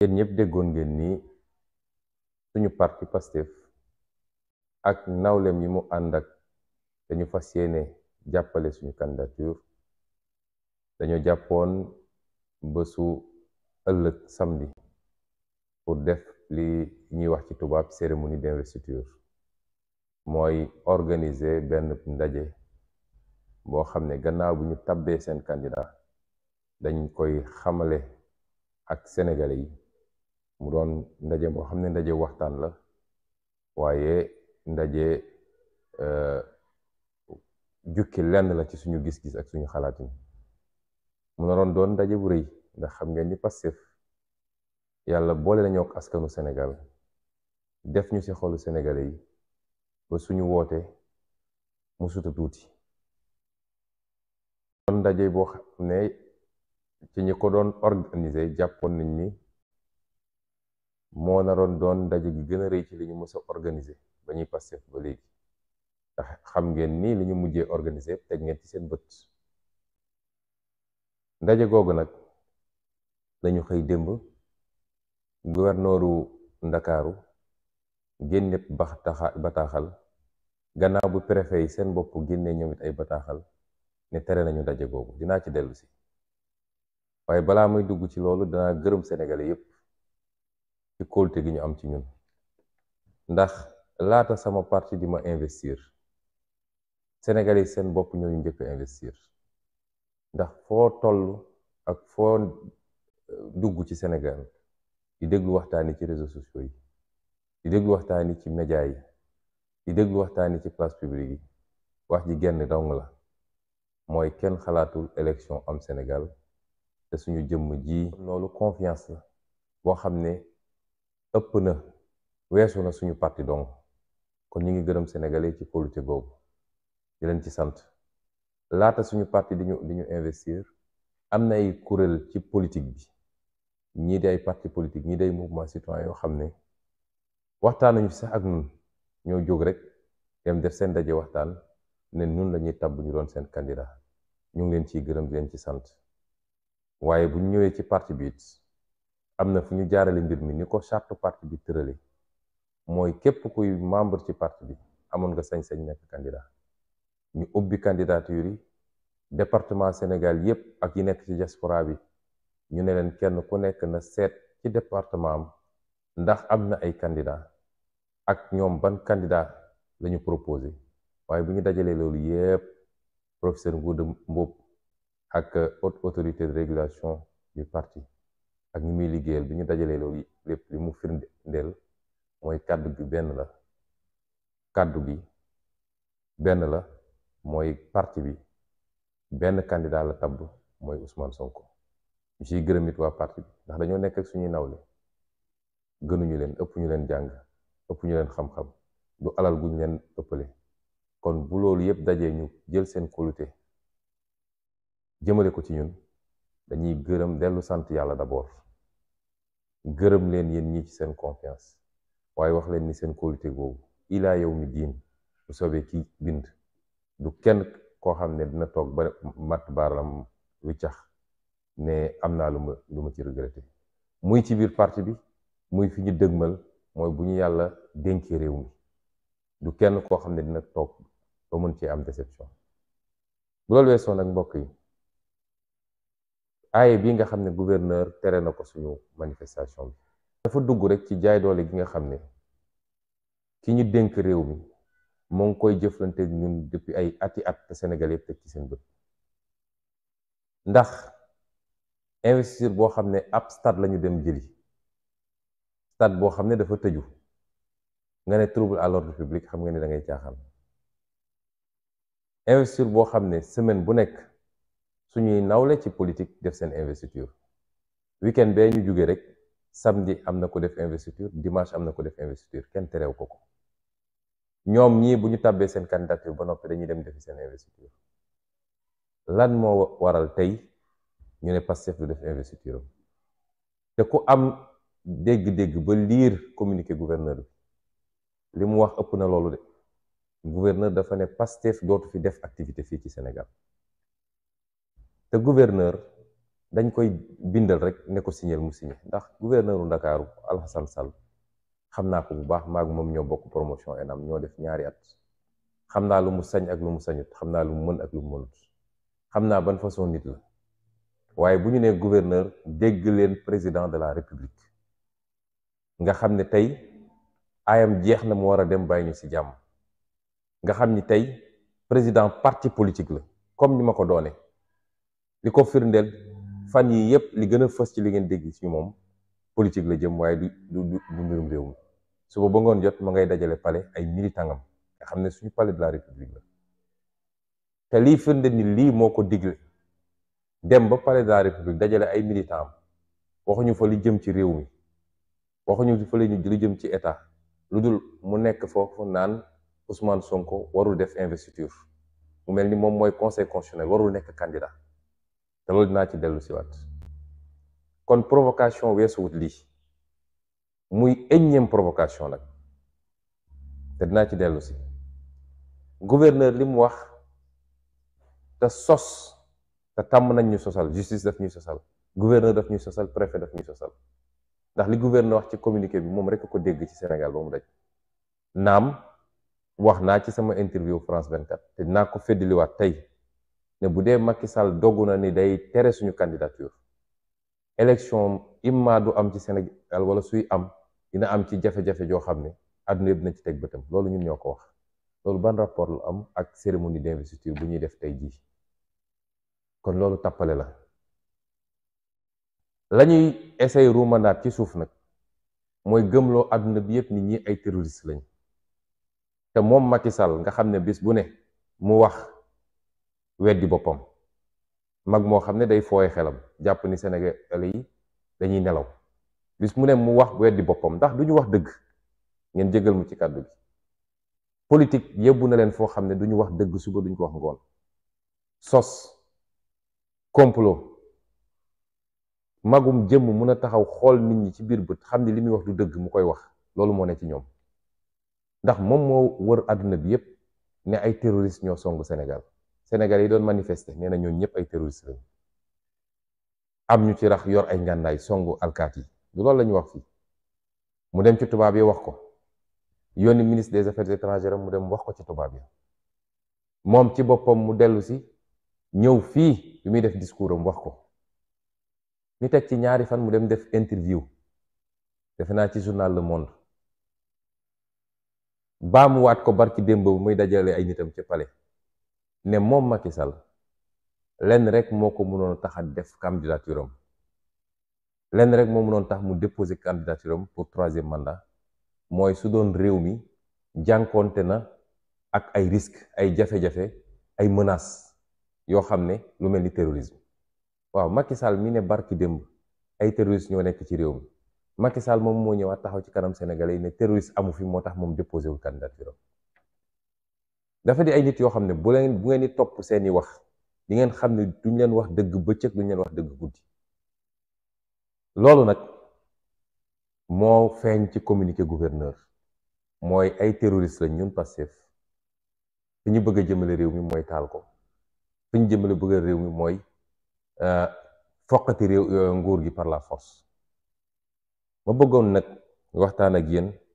yéen ñëpp déggoon ngeen nii suñu parti Pastef ak nawleem yi mu ànd ak dañu fas yéene jàppale suñu candidature dañoo jàppoon bésu ëllëg samedi pour def lii ñuy wax ci tubaab cérémonie d'investiture mooy organiser benn ndaje boo xam ne gannaaw bu ñu tàbbee seen candidat dañ koy xamale ak sénégalais yi mu doon ndaje boo xam ne ndaje waxtaan la waaye ndaje euh, jukki lenn la ci suñu gis-gis ak suñu xalaatin mu naroon doon ndaje bu rëy ndax xam ngeen ni Pastef yàlla boole nañoo ak askanu Sénégal def ñu ci xolu sénégalais yi ba suñu woote mu suta tuuti doon ndaje boo xam ne ci ñi ko doon organiser jàppoon nañ ni moo naroon doon daje gi gën a rëy ci li ñu mës a organiser ba ñuy Pastef ba léegi ndax xam ngeen ni li ñu mujjee organiser teg ngeen ci seen bët ndaje googu nag lañu xëy démb gouverneuru Ndakaaru génne bataaxal gannaaw bu préfet yi seen bopp génnee ñoom ay bataaxal ne tere nañu ndaje googu dinaa ci dellusi waaye balaa muy dugg ci loolu danaa gërëm Sénégalais yépp ci kóolute gi ñu am ci ñun ndax laata sama parti di ma investir Sénégalais seen bopp ñooñu njëkk investir ndax foo toll ak foo euh, dugg ci Sénégal di déglu waxtaan yi ci réseaux sociaux yi di déglu waxtaan yi ci média yi di déglu waxtaan yi ci place publique yi wax ji genn dong la mooy kenn xalaatul élection am Sénégal te suñu jëmm ji loolu confiance la boo xam ne ëpp na weesu na suñu parti donc kon ñu ngi gërëm sénégalais ci kóolute boobu ñu leen ci sant laata suñu parti di ñu di ñu investir am na ay kuréel ci politique bi ñii di ay parti politique ñii day mouvement citoyen yoo xam ne waxtaanuñu sax ak ñun ñoo jóg rek dem def seen daje waxtaan ne ñun la ñuy tàbb ñu doon seen candidat ñu ngi leen ciy gërëm di leen ci sant waaye bu ñëwee ci parti bi am na fu ñu jaarale mbir mi ni ko charte parti bi tërale mooy képp kuy membre ci parti bi amoon nga sañ-sañ nekk candidat ñu ubbi candidature yi département Sénégal yépp ak yu nekk ci diaspora bi ñu ne leen kenn ku nekk na seet ci département am ndax am na ay candidat ak ñoom ban candidat lañu proposé waaye bu ñu dajalee loolu yépp professeur Ngouda Mboup ak haute autorité de régulation du parti ak ñi muy liggéeyal bi ñu dajalee loolu lépp li mu firndeel mooy kàddu gi benn la kàddu gi benn la mooy parti bi benn candidat la tabb mooy Ousmane Sonko ñu ciy gërëm it waa parti bi ndax dañoo nekk ak suñuy nawle gënuñu leen ëpp ñu leen jàng ëpp ñu leen xam-xam du alal guñ leen ëppale kon bu loolu yëpp dajee ñu jël seen kóolute jëmale ko ci ñun dañuy gërëm dellu sant yàlla d'abord gërëm leen yéen ñi ci seen confiance waaye wax leen ni seen kóolute boobu ilaa yow mi diin bu soobee ki bind du kenn koo xam ne dina toog ba matt baaram wiccax ne am naa lu ma lu ma ci regretté muy ci biir parti bi muy fi ñu dëgmal mooy bu ñu yàlla dénkee réew mi du kenn koo xam ne dina toog ba mën cee am déception bu loolu weesoo nag mbokk yi aaye bi nga xam ne gouverneur tere na ko suñu manifestation bi dafa dugg rek ci jaay doole gi nga xam ne ki ñu dénk réew mi moo ngi koy jëflante ak ñun depuis ay ati at te Sénégal yëpp teg ci seen bët ndax investisseur boo xam ne ab stade lañu dem jëli stade boo xam ne dafa tëju nga ne trouble à l'ordre public xam nga ne dangay ngay caaxaan boo xam ne semaine bu nekk suñuy nawle ci politique def seen investiture weekend bee ñu jóge rek samedi am na ko def investiture dimanche am na ko def investiture kenn terew ko ko ñoom ñii bu ñu tàbbee seen candidature ba noppi dañuy dem defi seen investiture lan moo waral tey ñu ne Pastef du def investiture am te ku am dégg-dégg ba liir communiqué gouverneur bi li mu wax ëpp na loolu de gouverneur dafa ne Pastef dootu fi def activité fii ci Sénégal te gouverneur dañ koy bindal rek ne ko signal mu signé ndax gouverneuru Ndakaaru Alxasan sal xam naa ko bu baax maag moom ñoo bokk promotion ENAM ñoo def ñaari at xam naa lu mu sañ ak lu mu sañut xam naa lu mu mën ak lu mu mënut xam naa ban façon nit la waaye bu ñu nee gouverneur dégg leen président de la république nga xam ne tey ayam jeex na mu war a dem bàyyi ñu ci jàmm nga xam ni tey président parti politique la comme ni ma ko doone li ko firndeel fan yii yëpp li gën a fës ci li ngeen dégg ci moom politique la jëm waaye du du du mbirum réew mi suba ba ngoon jot ma ngay dajale pale ay militangam nga xam ne suñu palais de république la te lii firnde ni lii moo ko digle dem ba palais de république dajale ay militant am waxuñu fa lu jëm ci réew mi waxuñu fa li jëm ci état lu dul mu nekk foofu naan Ousmane Sonko warul def investiture mu mel ni moom mooy conseil constitutionnel warul nekk candidat te loolu dinaa ci dellu waat kon provocation weesuwut lii muy énième provocation nag te dinaa ci dellusi si li mu wax te sos te tàmm nañ ñu sosal justice daf ñuy sosal gouverneur daf ñuy sosal préfet daf ñuy sosal ndax li gouverneur wax ci communiqué bi moom rek a ko dégg ci Sénégal ba mu daj naam wax naa ci sama interview France 24 te dinaa ko feddaliwaat tey ne bu dee Macky Sall dogu na ni day tere suñu candidature élection imma du am ci Sénégal wala suy am dina am ci jafe-jafe joo xam ne àdduna yëpp dina ci teg bëtam loolu ñun ñoo ko wax loolu ban rapport lu am ak cérémonie d'investiture bu ñuy def tey jii kon loolu tappale la lañuy ñuy essayer ci suuf nag mooy gëmloo àdduna bi yëpp nit ñi ay terroriste lañ te moom Macky nga xam ne bis bu ne mu wax weddi boppam mag moo xam ne day fooye xelam jàpp ni Sénégalais yi dañuy nelaw bis mu ne mu wax weddi boppam ndax du ñu wax dëgg ngeen jégal mu ci kàddu gi politique yóbbu na leen foo xam ne du wax dëgg suba duñ ko wax ngoon sos complot magum jëmm mun a taxaw xool nit ñi ci biir bët xam ne li muy wax du dëgg mu koy wax loolu moo ne ci ñoom ndax moom moo wër àdduna bi yépp ne ay terroristes ñoo songu Sénégal Sénégal yi doon manifester nee na ñooñu ñëpp ay terroristes lañu am ñu ci rax yor ay ngànnaay songu alkaati yi du loolu la wax fii mu dem ci tubaab yi wax ko yónni ministre des affaires étrangères mu dem wax ko ci tubaab yi moom ci boppam mu dellu si ñëw fii bi muy def discours am wax ko ñu teg ci ñaari fan mu dem def interview defe naa ci journal Le Monde waat ko barki démb bu muy dajale ay nitam ci palais ne moom Macky Sall lenn rek moo ko mënoon tax a def candidature am lenn rek moo mënoon tax mu déposer candidature am pour troisième mandat mooy su doon réew mi jànkoonte na ak ay risques ay jafe-jafe ay menaces yoo xam ne lu mel ni terrorisme waaw Macky Sall mi ne barki démb ay terroristes ñoo nekk ci réew mi Macky Sall moom moo ñëwaat taxaw ci kanam Sénégalais yi ne terroriste amu fi moo tax moom déposé wul candidature am dafa di ay nit yoo xam ne bu bu ngeen di topp seeni wax di ngeen xam ne duñ leen wax dëgg bëccëg duñ leen wax dëgg guddi loolu nag moo feeñ ci communiqué gouverneur mooy ay terroriste lañ ñun Pastef fi ñu bëgg a jëmale réew mi mooy taal ko fi ñu jëmale bëgg réew mi mooy euh, foqati réew euh, nguur gi par la force ma bëggoon nag waxtaan ak yéen